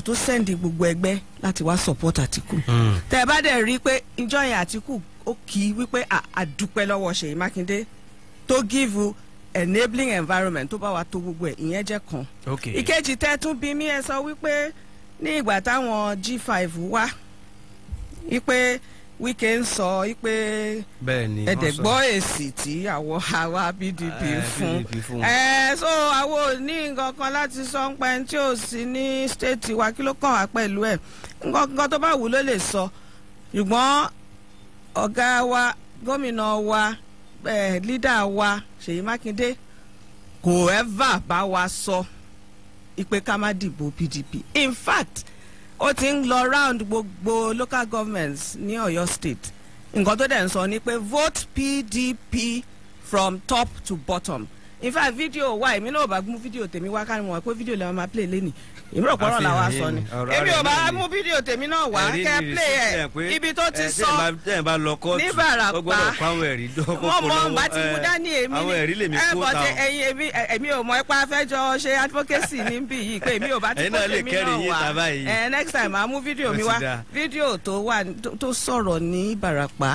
ó tó sẹ́ndì gbogbo ẹgbẹ́ láti wá support Àtìkù hmm. tẹ ẹ bá dẹ̀ rí i pé ìjọ yẹn Àtìkù ó kì í wípé àdúpẹ́ lọ́wọ́ Ṣèyí Mákindé tó give enabling environment tó bá wa tó gbogbo ẹ̀ ìyẹn jẹ́ kan ìkejì tẹ́tún bí mi ẹ sọ wípé ní ìgbà táwọn G5 wá wípé Wike ń sọ pé ẹ̀dẹ̀ gbọ́ èsì tí àwọn àwa PDP fún ẹ̀ so àwọn ò ní nǹkan kan láti sọ ń pa ẹni tí ò sí ní stéètì wa kí ló kàn wá pẹ̀lú ẹ̀ nǹkan tó bá wù ló lè sọ ṣùgbọ́n ọ̀gá wa gómìnà wa lídà wa Ṣèyí Mákindé kò ẹ́fà bá wa sọ ìpè ká má dìbò PDP in fact ó ti ń lọ round gbogbo local governments ní Ọ̀yọ́ state nǹkan tó dẹ̀ ń sọ ni pé vote PDP from top to bottom in fact fídíò wa èmi náà ò bá gún fídíò tèmi wá ká ní mo wà pé fídíò lè máa play lẹ́nìí ìmúrò pọ̀rọ̀ làwa sọ ni èmi ò bá mú fídíò tèmi náà wá kẹ́ play ẹ̀ ibi tó ti sọ ní Ìbàràpá mo mọ bá ti mú dání èmi ni ẹ bọ̀ tí ẹ̀yin èmi ò mọ ipa fẹ́jọ ṣe advocacy níbí yìí pé èmi ò bá ti mú tèmi náà wá ẹ next time màá mú fídíò mi wá fídíò tó wà tó sọ̀rọ̀ ní Ìbàràpá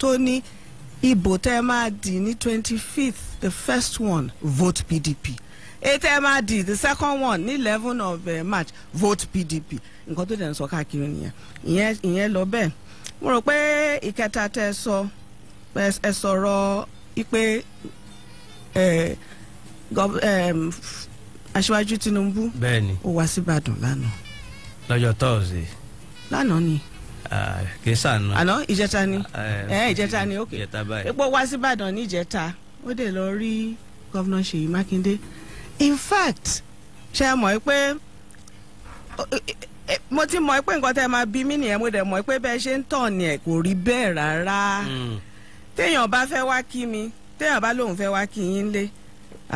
tó ní ìbò tẹ́ máa dì ní twenty fifth the first one vote PDP. eight mrd the second one ní eleven of uh, march vote pdp nǹkan tó dẹ̀ ń sọ káàkiri nìyẹn ìyẹn lọ bẹ́ẹ̀ mo rò pé ìkẹta tẹ sọ ẹ sọ̀rọ̀ ipe aṣíwájú tinubu ó wá síbàdàn lánàá. lọ́jọ́ tọ́ọ̀sì. lánàá ni. kì í àná ìjẹta ni ni ok ìjẹta báyìí. epo wá ní ìjẹta ó dé lọ in fact ṣe é mọ̀ pé mo ti mọ̀ pé nǹkan tẹ́ máa bí mí nìyẹn mo dẹ̀ mọ̀ pé bẹ́ẹ̀ ṣe ń tàn ni ẹ̀ kò rí bẹ́ẹ̀ rárá hmm. téèyàn bá fẹ́ wá kí mi téèyàn bá lóun fẹ́ wá kí yín lé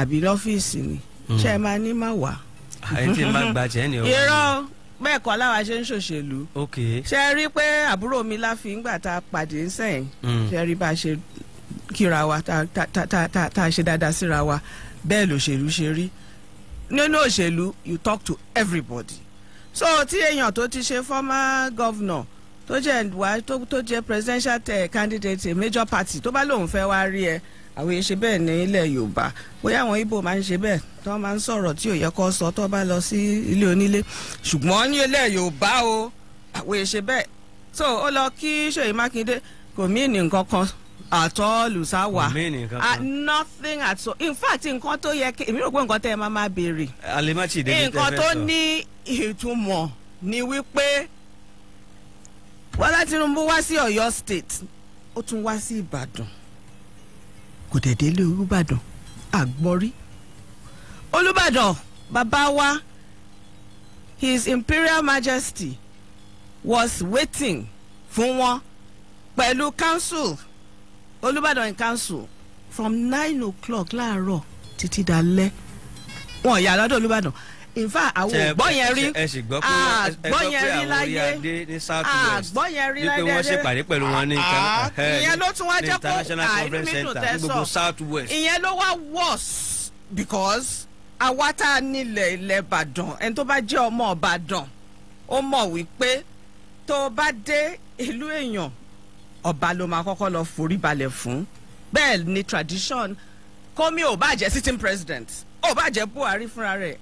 àbí lọ́fíìsì ni hmm. ṣe é máa ní má wà. àyè tí n bá gba jẹ́ ni o. irọ́ bẹ́ẹ̀ kọ́ láwa ṣe ń ṣòṣèlú. ok ṣe rí pé àbúrò mi láfi ńgbà tá a pàdé sẹ́yìn hmm. ṣe rí bá a ṣe kíra wa tá a ṣe dáadáa síra wa bẹ́ẹ̀ lòṣèlú ṣe rí nínú òṣèlú you talk to everybody so tí èèyàn tó ti ṣe former governor tó jẹ́ wá tó jẹ́ presidential candidate major party tó bá lóun fẹ́ wá rí ẹ àwọn èèyàn ṣe bẹ́ẹ̀ ní ilẹ̀ yorùbá bóyá àwọn ibo máa ń ṣe bẹ́ẹ̀ tó máa ń sọ̀rọ̀ tí ò yẹ kó sọ tó bá lọ sí ilé onílé ṣùgbọ́n ní ilẹ̀ yorùbá o àwọn èèyàn ṣe bẹ́ẹ̀ so ó lọ kí ṣèyí mákindé kò mí ní kan at all ṣáwà ah, nothing at all in fact nǹkan tó yẹ kí èmi rò pé nǹkan tẹ́ ẹ máa máa béèrè nǹkan tó ní ìtumọ̀ ni wípé Bọ́lá Tinubu wá sí Ọ̀yọ́ state ó tún wá sí Ìbàdàn kò dẹ̀dẹ̀ lé Olúbàdàn àgbọ̀rí Olúbàdàn bàbá wa His Imperial Majesty was waiting fún wọn pẹ̀lú council. Olúbàdàn in council from nine o'clock láàárọ̀ títí dalẹ́ wọn yà lọ́dọ̀ Olúbàdàn in fact àwọn ògbọ́ yẹn rí àgbọ́ yẹn rí láyé àgbọ́ yẹn rí láyé wípé wọ́n ṣèpàdé pẹ̀lú wọn ní ah, eh, eh, ìyẹn ló tún wá jẹ́ kó àìmínú tẹ́sán ìyẹn ló wá worse because àwa tá a nílẹ̀ ilẹ̀ Ìbàdàn ẹni tó bá jẹ́ ọmọ Ìbàdàn ó mọ̀ wípé tó bá dé ìlú èèyàn ọba ló máa kọ́kọ́ lọ forí balẹ̀ fún bẹ́ẹ̀ ni tradition kọ́mi ò bá jẹ́ sitting president ò bá jẹ́ Buhari fúnra rẹ̀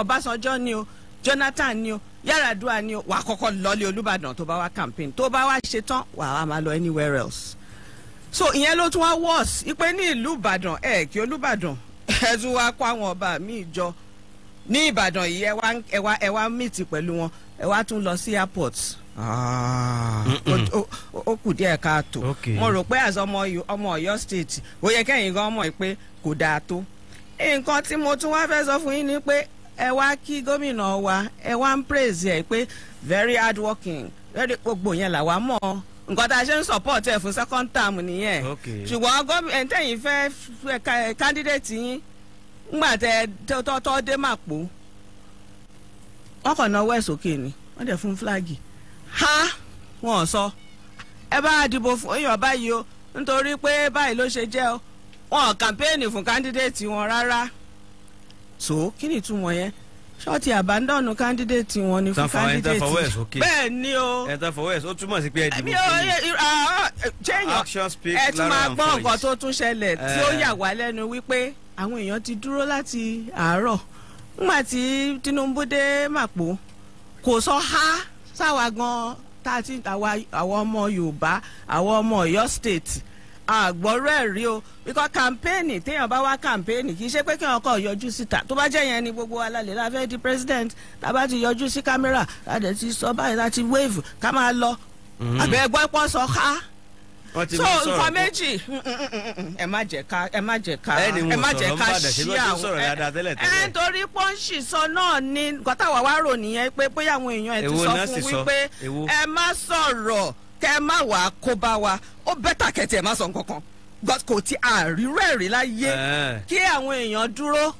Ọbásanjọ́ ni o Jonathan ni o Yar'Adua ni o wà á kọ́kọ́ lọ́lé Olúbàdàn tó bá wá campaign tó bá wá ṣe tán wà á máa lọ anywhere else so ìyẹn ló tún wá worse ipe ní ìlú Ìbàdàn ẹ kí Olúbàdàn ẹ tún wá kó àwọn ọba mi jọ ní Ìbàdàn yìí ẹ wá ẹ wá ẹ wá meet pẹ̀lú wọn ẹ wá tún lọ sí airport ó ah. kù díẹ̀ káàtó mo rò pé àti ọmọ o state ó yẹ kẹ́yìn gan mọ̀ pé kò dáa tó nǹkan tí mo tún wá fẹ́ sọ fún yín ni pé ẹ wá kí gómìnà wa ẹ wá ń praise ẹ pé very hard working very gbogbo yẹn làwa mọ̀ ọ́ nǹkan tá a ṣe ń support ẹ fún second term nìyẹn ṣùgbọ́n gómìnà tẹ̀yìn fẹ́ candidate yín ngbà tẹ tọ́tọ́ dé màpò wọ́n kàn náwó ẹ̀ sókè ni wọ́n dẹ̀ fún ha wọn sọ ẹ bá dìbò fún èèyàn báyìí o nítorí pé báyìí ló ṣe jẹ́ o wọn kàmpéènì fún kándídéètì wọn rárá so kí ni ìtumọ̀ yẹn ṣọ́ọ̀tì àbádọ́nù kándídéètì wọn ni fún kándídéètì bẹ́ẹ̀ ni o ẹ ta fọwọ́ ẹ̀ ó túmọ̀ sí pé ẹ dìbò fún mi ah, ah, ẹ tún máa gbọ́ nǹkan tó tún ṣẹlẹ̀ tí ó eh. yà wá lẹ́nu wípé àwọn èèyàn ti dúró láti àárọ̀ nígbà tí Tinubu dé màpò kò sọ ha táwa gan tá a ti àwa ọmọ Yorùbá àwa ọmọ Ọ̀yọ́ state àgbọ̀rọ̀ ẹ̀ rí o bíkọ́ kàmpéènì téèyàn bá wá kàmpéènì kì í ṣe pé kí wọn kọ́ yọjú síta tó bá jẹ́ yẹn ni gbogbo alálẹ̀ la fẹ́ di president tá a bá ti yọjú sí kámẹ́rà tá a dẹ̀ ti sọ báyìí láti wave ká máa lọ mm-hmm. àbẹ̀ ẹgbẹ́ pọ̀ sọ ká so nǹkan méjì ẹ má jẹ ká ẹ má jẹ ká ẹ má jẹ ká ṣí àwọn ẹ ẹ nítorí pọ́ńṣì sọ náà ni gọ́tàwá wa rò nìyẹn pé bóyá àwọn èèyàn ẹ ti sọ fún wípé ẹ má sọ̀rọ̀ kẹ má wàá kó bá wa ó bẹ́tà kẹtì ẹ má sọ nǹkan kan kò ti àrírò ẹ̀rí láyé kí àwọn èèyàn dúró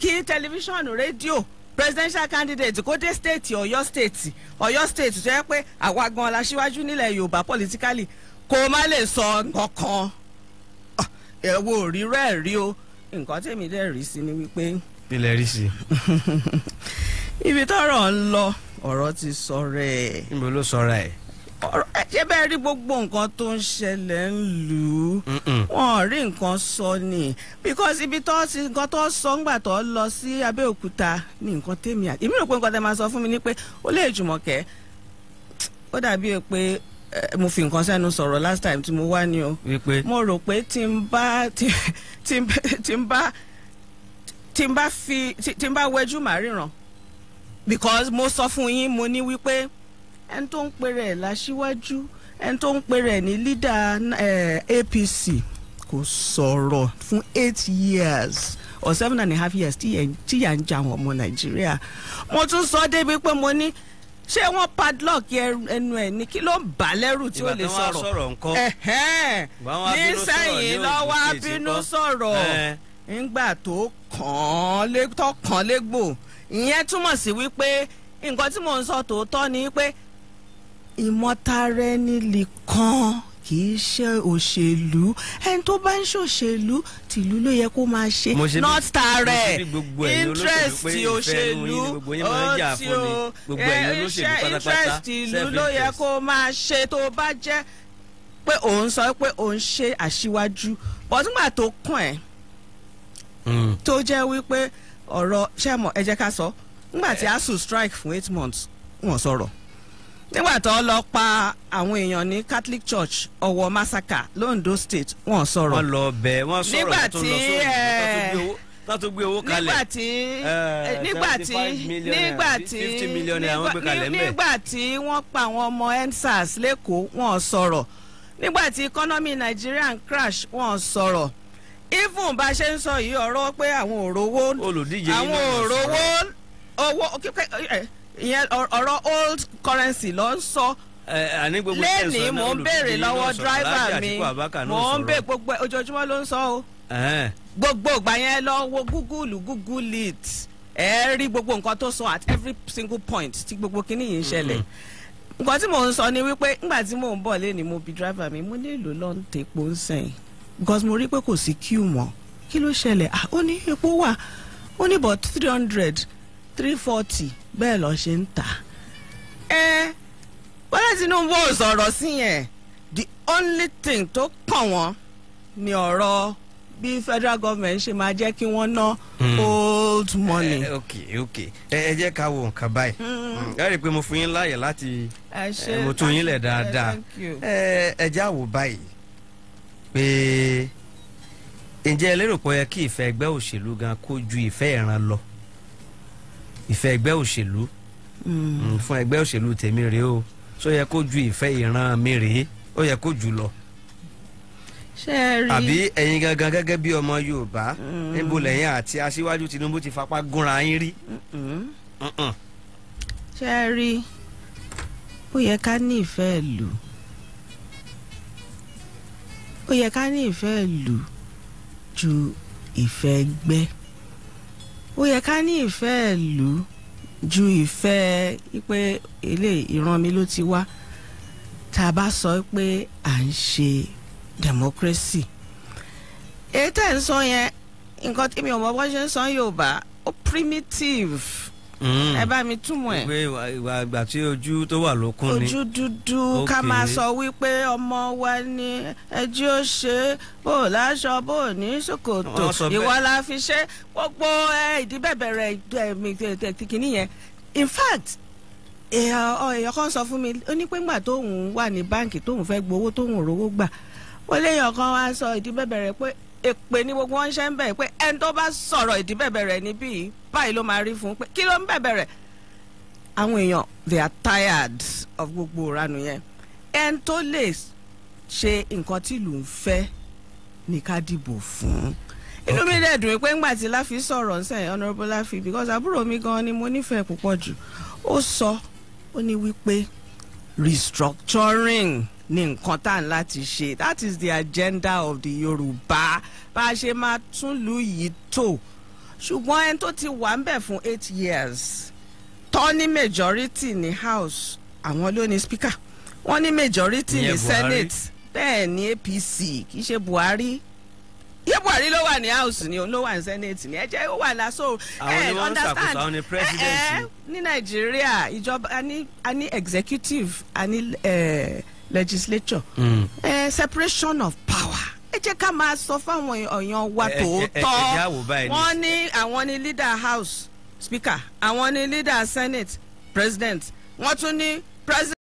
kí tẹlifíṣàn rédíò presidential candidate kó dé state ọ̀yọ́ state ọ̀yọ́ state tó yẹ pé àwa gan-an la ṣíwájú nílẹ̀ yorùbá politically kó o má lè sọ nǹkan kan ah, ẹ̀wọ̀ òrírọ́ ẹ̀ rí o nǹkan tèmi dẹ̀ rí sí ni wípé. ilẹ̀ rí sí. ibi tọ́rọ̀ ń lọ ọ̀rọ̀ ti sọ̀rọ̀ ẹ̀. níbo ló sọ̀rọ̀ ẹ̀ ọ̀rọ̀ ẹ̀jẹ̀ bẹ́ẹ̀ rí gbogbo nǹkan tó ń ṣẹlẹ̀ ń lù ú wọn rí nǹkan sọ ni because ibi tó ti nǹkan tó sọ ńgbà tó lọ sí Abẹ́òkúta ní nǹkan tèmi àti èmi rò pé nǹkan tẹ́ máa sọ fún mi ni pé ó lè Jùmọ̀kẹ́ ó dàbí pé mo fi nǹkan sẹ́nu sọ̀rọ̀ last time tí mo wá ní o mo rò pé tí n bá tí n bá tí n bá fi tí n bá wẹjú màá ríran because mo sọ fún yín mo ní wípé ẹni tó ń pèrè ẹ̀ láṣíwájú ẹni tó ń pèrè ẹ̀ ní lídà eh, APC kò sọ̀rọ̀ fún eight years or seven and a half years tí yà ń jà wọn ọmọ Nàìjíríà mo tún sọ débi pé mo ní ṣé wọ́n padlock ẹnu ẹ̀ ni kí ló ń bà lẹ́rù tí ó lè sọ̀rọ̀ nísẹ̀yìn lọ́wọ́ abínú sọ̀rọ̀ nígbà tó kàn légbò ìyẹn túmọ̀ sí wípé nǹkan tí mò ń sọ tòótọ́ ni pé ìmọ̀tara ẹni lè kàn kì í ṣe òṣèlú ẹni tó bá ń ṣòṣèlú tìlú ló yẹ kó máa ṣe not tààrẹ interest òṣèlú ó ti o iṣẹ́ interest ìlú ló yẹ kó máa ṣe tó bá jẹ́ pé òun sọ pé òun ṣe àṣìwájú bọ́túngbà tó kàn ẹ́ hmm. tó jẹ́ wípé ọ̀rọ̀ ṣẹ́mọ̀ ẹ jẹ́ ká sọ nígbà tí eh. asu strike fún eight months wọ́n sọ̀rọ̀ nígbà tó lọ pa àwọn èèyàn ní Catholic Church Ọ̀wọ̀ massacre l'Ondo State wọ́n sọ̀rọ̀ wọ́n lọ bẹ̀ wọ́n sọ̀rọ̀ tó lọ sóògùn tó gbé owó kalẹ̀ nígbà tí eh, eh, nígbà tí nígbà tí wọ́n pa àwọn ọmọ EndSARS lẹ́kọ̀ọ́ wọ́n sọ̀rọ̀ nígbà tí economy Nigeria crash wọ́n sọ̀rọ̀ even bá a ṣe ń sọ yìí ọ̀rọ̀ pé àwọn òrówó àwọn òrówó owó eh, ìyẹn ọ̀rọ̀ old currency ló ń sọ lẹ́ẹ̀ni mò ń béèrè lọ́wọ́ dráìvà mi mò ń béèrè gbogbo ojoojúmọ́ ló ń sọ o gbogbo ìgbà yẹn lọ wo google google it ẹ rí gbogbo nǹkan tó sọ at every single point tí gbogbo kinní yìí ń ṣẹlẹ̀ nǹkan tí mò ń sọ ni wípé nígbà tí mò ń bọ̀ lẹ́ẹ̀ni mo bi dráìvà mi mo lè lò lọ́n tẹ epo ń sẹ́yìn because mo rí pé kò sí queue mọ́ kí ló ṣẹlẹ̀ ó ní epo wà ó ní bọ̀ three hundred three forty bẹ́ẹ̀ lọ ṣe ń tà ẹ Bọ́lá Tinubu ò sọ̀rọ̀ sí yẹn the only thing tó kàn wọ́n ni ọ̀rọ̀ bí federal government ṣe máa jẹ́ kí wọ́n ná hmm. old money. ẹ eh, ok ok ẹ jẹ́ ká wo nǹkan báyìí hmm. ẹ rí i pé mo fún yín láàyè láti eh, mo tún yín lẹ̀ eh, dáadáa ẹ jẹ́ àwò báyìí pé ǹjẹ́ ẹ lérò pé ó yẹ kí ìfẹ́ ẹgbẹ́ òṣèlú gan kó ju ìfẹ́ ìran lọ ìfẹ́ ẹgbẹ́ òṣèlú hmm. Hmm, fún ẹgbẹ́ òṣèlú tèmi rèé o ṣó yẹ kó ju ìfẹ́ ìran mi rèé ó yẹ kó jù lọ. àbí ẹ̀yin gangan gẹ́gẹ́ bí ọmọ Yorùbá hmm. níbo lẹ́yìn àti aṣíwájú Tinubu ti fapá gúnra yín rí. ṣé ẹ rí ó yẹ ká ní ìfẹ́ ìlú ó yẹ ká ní ìfẹ́ ìlú ju ìfẹ́ ẹgbẹ́ ó yẹ ká ní ìfẹ́ ìlú ju ìfẹ́ pé ilé ìran mi ló ti wá tá a bá sọ pé à ń ṣe democracy èyí tẹ̀ ń sọ yẹn nǹkan tí mi ò mọ bó ṣe ń sọ Yorùbá ó primitive Mm. ẹ bá mi túmọ̀ ẹ̀. pé ìwà àgbà tí ojú tó wà lókun ni. ojú dúdú ká máa sọ wípé ọmọ wa ni ẹjí ó ṣe bó láṣọ bó ní ṣòkòtò ìwọ la fi ṣe gbogbo ìdíbẹ̀bẹ̀ rẹ̀ yẹn in fact èèyàn kan sọ fún mi ó ní pé ńgbà tóun wà ní báǹkì tóun fẹ́ gbowó tóun rówó gbà ó léèyàn kan wá sọ ìdíbẹ̀bẹ̀ rẹ̀ pé èpè ní gbogbo wọn ṣe ń bẹ̀ pé ẹni tó bá sọ̀rọ̀ ìdí bẹ̀bẹ̀ rẹ̀ níbí báyìí ló máa rí fún un pé kí ló ń bẹ̀bẹ̀ rẹ̀ àwọn èèyàn they are tired of gbogbo ìranù yẹn ẹni tó lè ṣe nǹkan tí ìlú ń fẹ́ ní ká dìbò fún inú mi dẹ̀ dùn pé ńgbà tí láfi sọ̀rọ̀ ń sẹ́yìn honourable láfi because àbúrò mi gan ni mo nífẹ̀ẹ́ púpọ̀ jù ó sọ ó ní wípé restructuring ní nǹkan tá à láti ṣe that is the agenda of the Yorùbá bá a ṣe máa tún lù yìí tò ṣùgbọ́n ẹni tó ti wà ń bẹ̀ fún eight years tó ní majority ní house àwọn ló ní speaker wọ́n ní majority ní senate bẹ́ẹ̀ ní APC kì í ṣe Buhari yẹ buhari ló wà ní house ni òun ló wà ní senate ni ẹ jẹ ó wà lásò ẹ eh, understand ẹ ẹ eh, eh, ní nàìjíríà ìjọba a ní executive a ní. Uh, legislature. Mm. Uh, separation of power. ẹ jẹ́ ká máa sọ fáwọn èèyàn wa eh, eh, tòótọ́ wọ́n ní àwọn ní leader house speaker àwọn ní leader senate president wọ́n tún ní president.